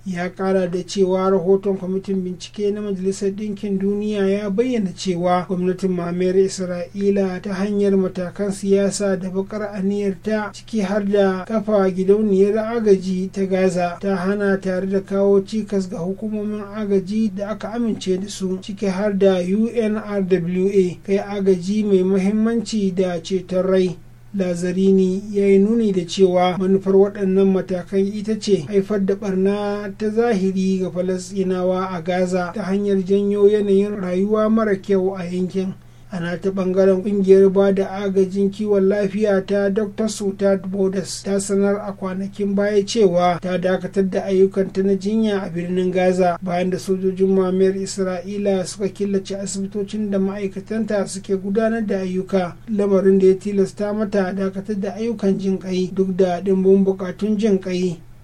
ya kara da cewa rahoton kwamitin bincike na majalisar ɗinkin duniya ya bayyana cewa gwamnatin mamayar isra'ila ta hanyar matakan siyasa da bakar ta. ciki har da kafa gidauniyar agaji ta gaza ta hana tare da kawo cikas ga hukumomin agaji da aka amince da su ciki har da unrwa kai agaji mai muhimmanci da ceton rai lazarini ya yi nuni da cewa manufar waɗannan matakan ita ce haifar da barna ta zahiri ga Falasinawa a gaza ta hanyar janyo yanayin rayuwa mara kyau a yankin Ana ta bangaren kungiyar ba da agajin kiwon lafiya ta dr sutad bodas ta sanar a kwanakin baya cewa ta dakatar da ayyukanta na jinya a birnin gaza bayan da sojojin mamayar isra'ila suka killace asibitocin da ma'aikatanta suke gudanar da ayyuka lamarin da ya tilasta mata dakatar da ayyukan jin duk da dimbin bukatun jin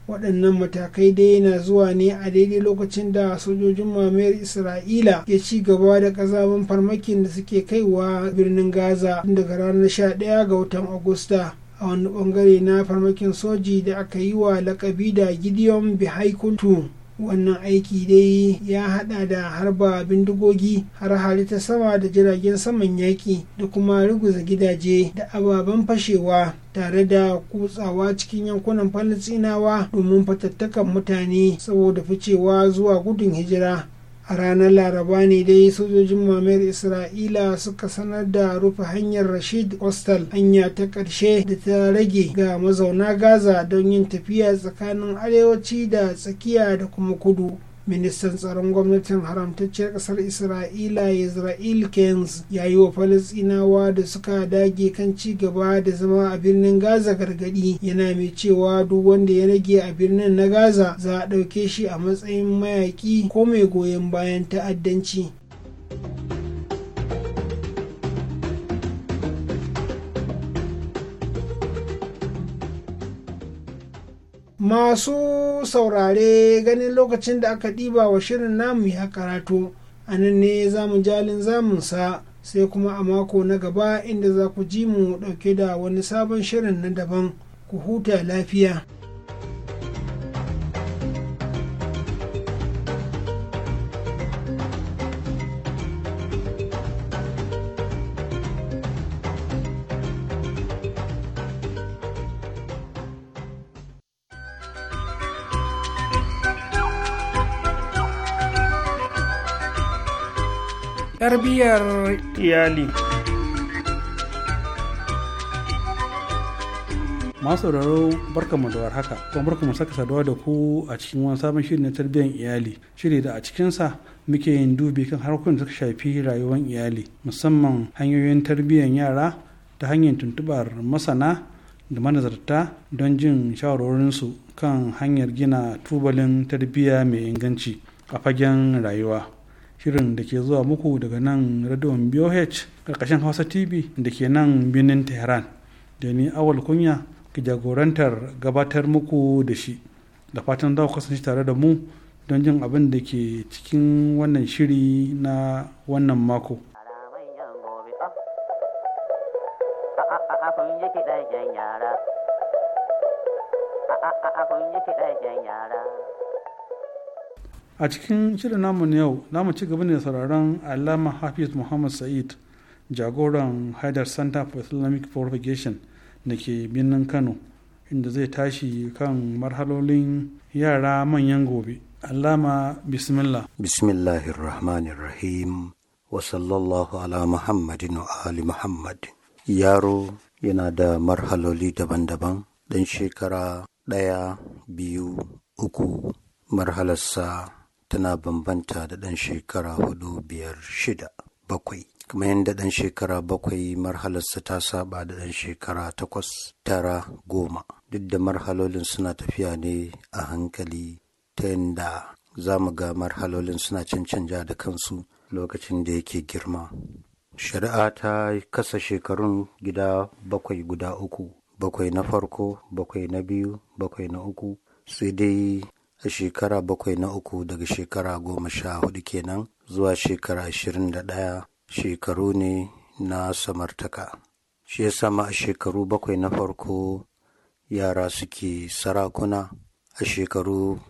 waɗannan matakai dai yana zuwa ne a daidai lokacin da sojojin mamayar isra'ila ke ci gaba da ƙazamin farmakin da suke kaiwa birnin gaza daga ranar 11 ga watan agusta a wani ɓangare na farmakin soji da aka yi wa lakabi da gideon bihaikutu wannan aiki dai ya hada da harba bindigogi har hali sama da jiragen saman yaki da kuma ruguza gidaje da ababen fashewa tare da kutsawa cikin yankunan falastinawa domin fatattakan mutane saboda ficewa zuwa gudun hijira a ranar laraba ne dai sojojin mamayar isra'ila suka sanar da rufe hanyar rashid hostel hanya ta ƙarshe da ta rage ga mazauna gaza don yin tafiya tsakanin arewaci da tsakiya da kuma kudu ministan tsaron gwamnatin haramtacciyar kasar isra'ila Isra'il kenz ya yi wa falasinawa da suka dage kan ci gaba da zama a birnin gaza gargadi yana mai cewa duk wanda ya rage a birnin na gaza za a ɗauke shi a matsayin mayaƙi ko mai goyon bayan ta'addanci masu saurare ganin lokacin da aka ɗiba wa shirin namu ya karatu a nan ne za mu jalin zamunsa sai kuma a mako na gaba inda za ku ji mu ɗauke da wani sabon shirin na daban ku huta lafiya. tarbiyyar iyali masu sauraro mu da haka, kuma barka mu saka saduwa da ku a cikin wani sabon shiri na tarbiyyar iyali shiri da a cikinsa muke yin dubi kan harkokin da suka shafi rayuwar iyali musamman hanyoyin tarbiyyar yara ta hanyar tuntubar masana da manazarta don jin shawarorinsu kan hanyar gina tubalin tarbiyya mai inganci a fagen rayuwa shirin da ke zuwa muku daga nan radion BOH karkashin Hausa TV da ke nan birnin Tehran da ni awal kunya ki jagorantar gabatar muku da shi da fatan za ku kasance tare da mu don jin abin da ke cikin wannan shiri na wannan mako. yara. a cikin shirin namu na yau namu ci gaba ne sauraron alama hafiz muhammad sa'id jagoran haidar center for islamic propagation da ke birnin kano inda zai tashi kan marhalolin yara manyan gobe alama bismillah bismillahirrahmanirrahim wa sallallahu ala muhammadin wa ali muhammad yaro yana da marhaloli daban-daban dan shekara ɗaya biyu uku marhalarsa tana bambanta da ɗan shekara hudu biyar shida bakwai kamar yadda ɗan shekara bakwai marhalarsa ta saba da ɗan shekara takwas tara goma duk da marhalolin suna tafiya ne a hankali ta yadda za mu ga marhalolin suna cancanja da kansu lokacin da yake girma shari'a ta kasa shekarun gida bakwai guda uku bakwai na farko bakwai na biyu bakwai na uku sai dai a shekara bakwai na uku daga shekara goma sha hudu kenan zuwa shekara ashirin da ɗaya shekaru ne na samartaka shi ya sama a shekaru bakwai na farko yara suke sarakuna a shekaru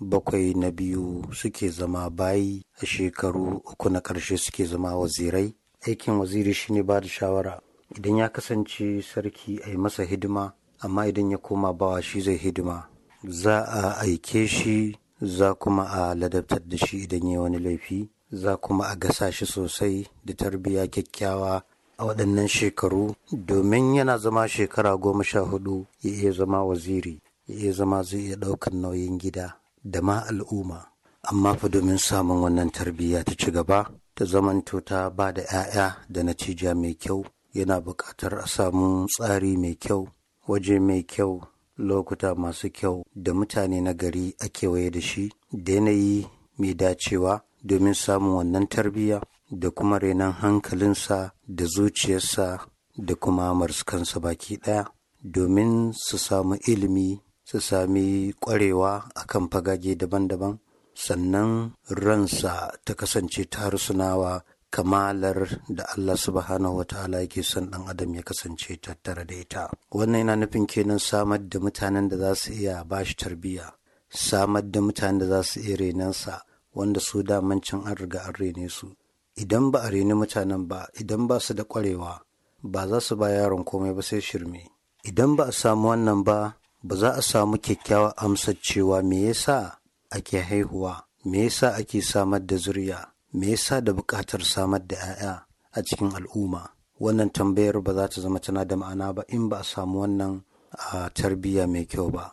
bakwai na biyu suke zama bayi a shekaru uku na ƙarshe suke zama wazirai aikin waziri shine ba da shawara idan ya kasance sarki a yi masa hidima amma idan ya koma bawa shi zai hidima za a aike shi za kuma a ladabtar da shi idan ya wani laifi za kuma a gasa shi sosai da tarbiyya kyakkyawa a waɗannan shekaru domin yana zama shekara goma sha hudu ya iya zama waziri ya iya zama zai iya ɗaukar nauyin gida da ma al'umma amma fa domin samun wannan tarbiyya ta ci gaba ta zaman ta ba da 'ya'ya da natija mai kyau yana buƙatar a samu tsari mai kyau waje mai kyau lokuta masu kyau da mutane na gari a kewaye da shi da yanayi mai dacewa domin samun wannan tarbiyya da kuma renon hankalinsa da zuciyarsa da kuma marskansa baki ɗaya domin su samu ilimi su sami ƙwarewa a kan fagage daban-daban sannan ransa ta kasance ta harsunawa kamalar da Allah subhanahu wataala yake son ɗan adam ya kasance tattare da ita wannan yana nufin kenan samar da mutanen da za su iya ba shi tarbiyya samar da mutanen da za su iya renensa wanda su damancin an riga an rene su idan ba a reni mutanen ba idan ba su da ƙwarewa ba za su ba yaron komai ba sai shirme idan ba a samu wannan ba ba za a samu kyakkyawar amsar cewa me yasa ake haihuwa me yasa ake samar da zuriya me yasa da buƙatar samar da 'ya'ya a cikin al'umma wannan tambayar ba za ta zama tana da ma'ana ba in ba a samu wannan a tarbiyya mai kyau ba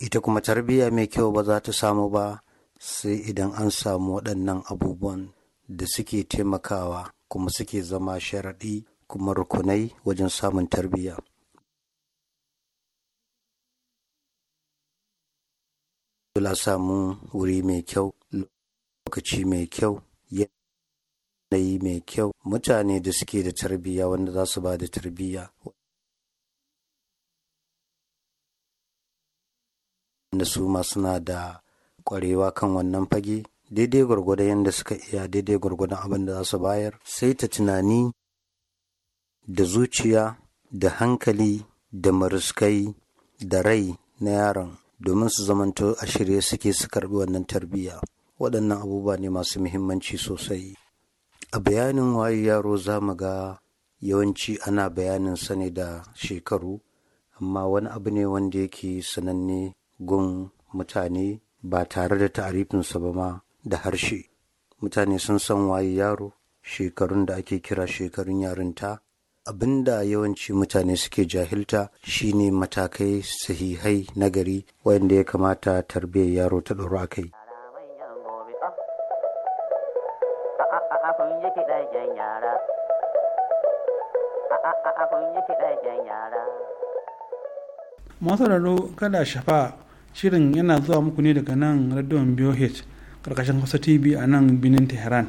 ita kuma tarbiyya mai kyau ba za ta samu ba sai idan an samu waɗannan abubuwan da suke taimakawa kuma suke zama sharaɗi kuma rukunai wajen samun tarbiyya kula samu wuri mai kyau, lokaci mai kyau, yanayi mai kyau, mutane da suke da tarbiyya wanda za su ba da tarbiyya. Wanda su ma suna da ƙwarewa kan wannan fage, daidai gwargwadon yadda suka iya daidai gwargwadon abin da za su bayar, sai ta tunani da zuciya da hankali da maruskai da rai na yaron domin su zamanto a shirye suke su karbi wannan tarbiyya waɗannan abubuwa ne masu muhimmanci sosai a bayanin waye yaro za mu ga yawanci ana bayanin sa ne da shekaru amma wani abu ne wanda yake sananne gun mutane ba tare da ta'arifinsa ba ma da harshe mutane sun san waye yaro shekarun da ake kira shekarun yarinta abin da yawanci mutane suke jahilta shine matakai sahihai nagari wanda ya kamata tarbiyyar yaro ta ɗora kai masararo kada shafa shirin yana zuwa muku ne daga nan radion BOH karkashin Hausa TV a nan binin Tehran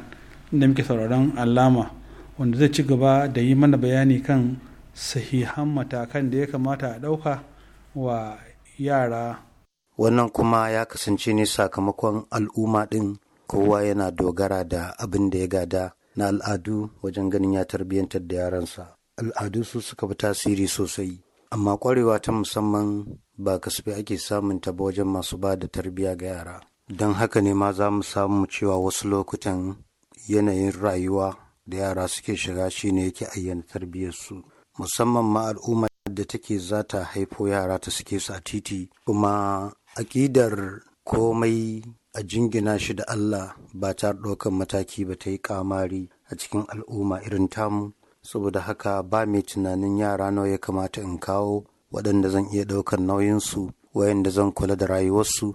inda muke sauraron alama wanda zai ci gaba da yi mana bayani kan sahihan matakan da ya kamata a ɗauka wa yara wannan kuma ya kasance ne sakamakon al'umma ɗin kowa yana dogara da abin da ya gada na al'adu wajen ganin ya tarbiyyantar da yaransa al'adu su suka fi tasiri sosai amma kwarewa ta musamman ba kasafi ake samun ta ba wajen masu ba da tarbiyya ga yara don haka ne ma za mu samu cewa wasu lokutan yanayin rayuwa da yara suke shiga shine yake ayyana tarbiyyarsu musamman ma al'umma da take zata haifo yara ta suke su a titi kuma aƙidar komai a jingina shi da Allah ba ta ɗaukan mataki ba ta yi kamari a cikin al'umma irin tamu saboda haka ba mai tunanin yara nawa ya kamata in kawo waɗanda zan iya ɗaukar nauyinsu wayanda zan kula da rayuwarsu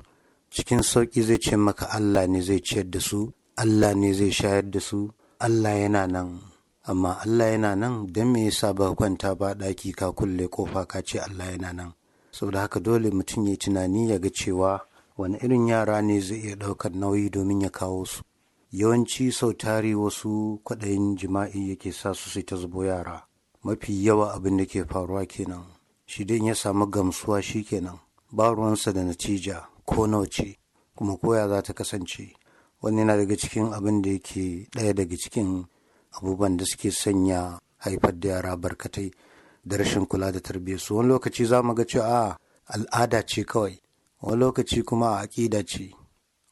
cikin sauƙi zai ce maka Allah ne zai ciyar da su Allah ne zai shayar da su Allah yana nan amma Allah yana nan don me yasa ba kwanta ba ɗaki ka kulle kofa ka ce Allah yana nan saboda haka dole mutum ya tunani ya ga cewa wani irin yara ne zai iya ɗaukar nauyi domin ya kawo su yawanci sau tari wasu kwaɗayin jima'i yake sa su sai ta zubo yara mafi yawa abin da ke faruwa kenan shi dai ya samu gamsuwa shi kenan ba ruwansa da natija ko nawa ce kuma koya za ta kasance wani yana daga cikin abin da yake ɗaya daga cikin abubuwan da suke sanya haifar da yara barkatai da rashin kula da tarbiyya su. wani lokaci za mu ga cewa al'ada ce kawai wani lokaci kuma a aƙida ce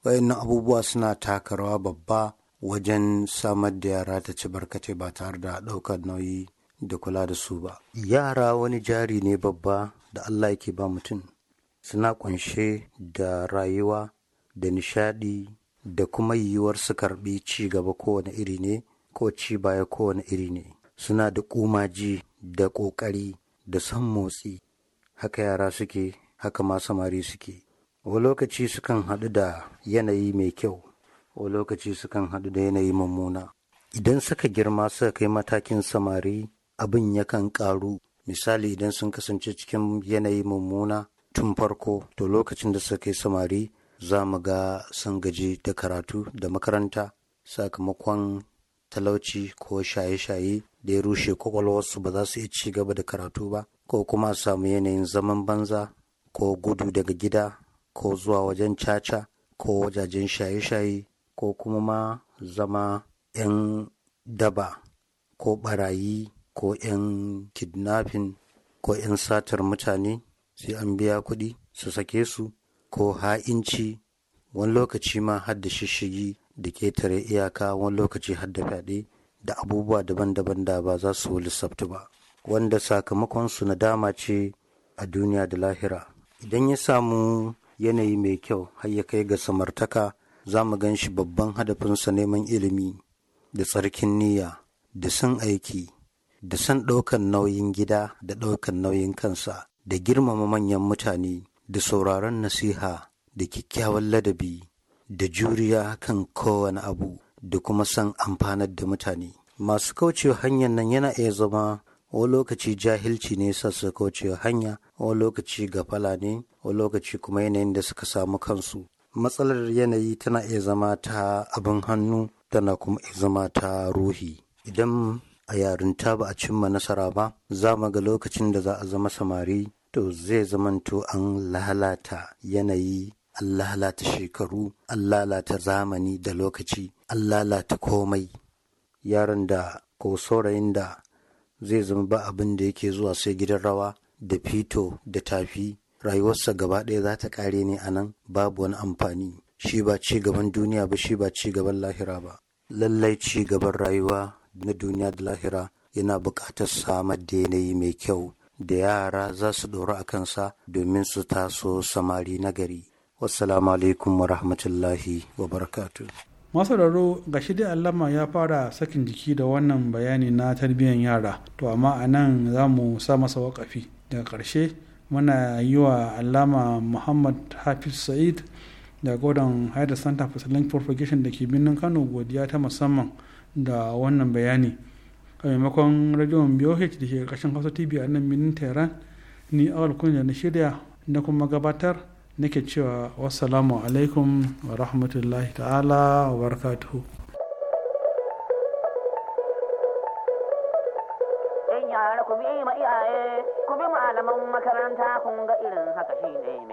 wayannan abubuwa suna taka rawa babba wajen samar da yara ta ci barkatai ba tare da ɗaukar nauyi da kula da su ba yara wani jari ne babba da allah yake ba mutum suna ƙunshe da rayuwa da nishaɗi da kuma yiwuwar su karbi ci gaba kowane iri ne ko ci baya kowane iri ne suna da kumaji da ƙoƙari da son motsi haka yara suke haka ma samari suke wa lokaci sukan haɗu da yanayi mai kyau wa lokaci sukan haɗu da yanayi mummuna idan suka girma suka kai matakin samari abin yakan ƙaru misali idan sun kasance cikin yanayi mummuna tun farko to lokacin da suka kai samari za mu ga sun gaji da karatu da makaranta sakamakon talauci ko shaye-shaye da ya rushe kwakwalwarsu ba za su iya ci gaba da karatu ba ko kuma samu yanayin zaman banza ko gudu daga gida ko zuwa wajen caca ko wajajen shaye-shaye ko kuma ma zama 'yan daba ko barayi ko 'yan kidnapping ko 'yan satar mutane sai an biya kuɗi su sake su ko ha'inci wani lokaci ma har da shishigi da ketare iyaka wani lokaci har da fyaɗe da abubuwa daban-daban da ba za su lissafta ba wanda sakamakonsu dama ce a duniya da lahira idan ya samu yanayi mai kyau har ya kai ga samartaka za mu gan shi babban hadafinsa neman ilimi da tsarkin niyya da san aiki da san ɗaukan nauyin gida da ɗaukan nauyin kansa da girmama manyan mutane da sauraron nasiha da kyakkyawan ladabi da juriya kan kowane abu da kuma san amfanar da mutane. Masu kaucewa hanyar nan yana iya zama wani lokaci jahilci ne sa su kaucewa hanya, wani lokaci gafala ne, wani lokaci kuma yanayin da suka samu kansu. Matsalar yanayi tana iya zama ta abin hannu tana kuma iya zama ta ruhi. Idan a yarinta ba a cimma nasara ba, za mu ga lokacin da za a zama samari to zai zamanto an lalata yanayi an lalata shekaru an lalata zamani da lokaci an lalata komai yaron da ko saurayin da zai zama ba abin da yake zuwa sai gidan rawa da fito da tafi rayuwarsa gaba ɗaya za ta ƙare ne a nan babu wani amfani shi ba ci gaban duniya ba shi ba ci gaban lahira ba lallai ci gaban rayuwa na duniya da lahira yana buƙatar samar da yanayi mai kyau da yara za su ɗora a kansa domin su taso samari nagari. Wassalamu alaikum wa rahmatullahi wa barakatu. raro ga shida allama ya fara sakin jiki da wannan bayani na tarbiyyar yara to amma a nan za mu sa masa wakafi daga ƙarshe muna yi wa allama muhammad hafiz sa'id da gordon haida santa for propagation da ke birnin kano godiya ta musamman da wannan bayani a maimakon rajon boh da ke ƙarshen hausa tv a nan birnin tehran ni awal kunya na shirya na kuma gabatar nake cewa wasalamu alaikum wa rahmatullahi ta'ala wa barakatuhu ku bi ma iyaye ku bi malaman makaranta kun ga irin haka shi ne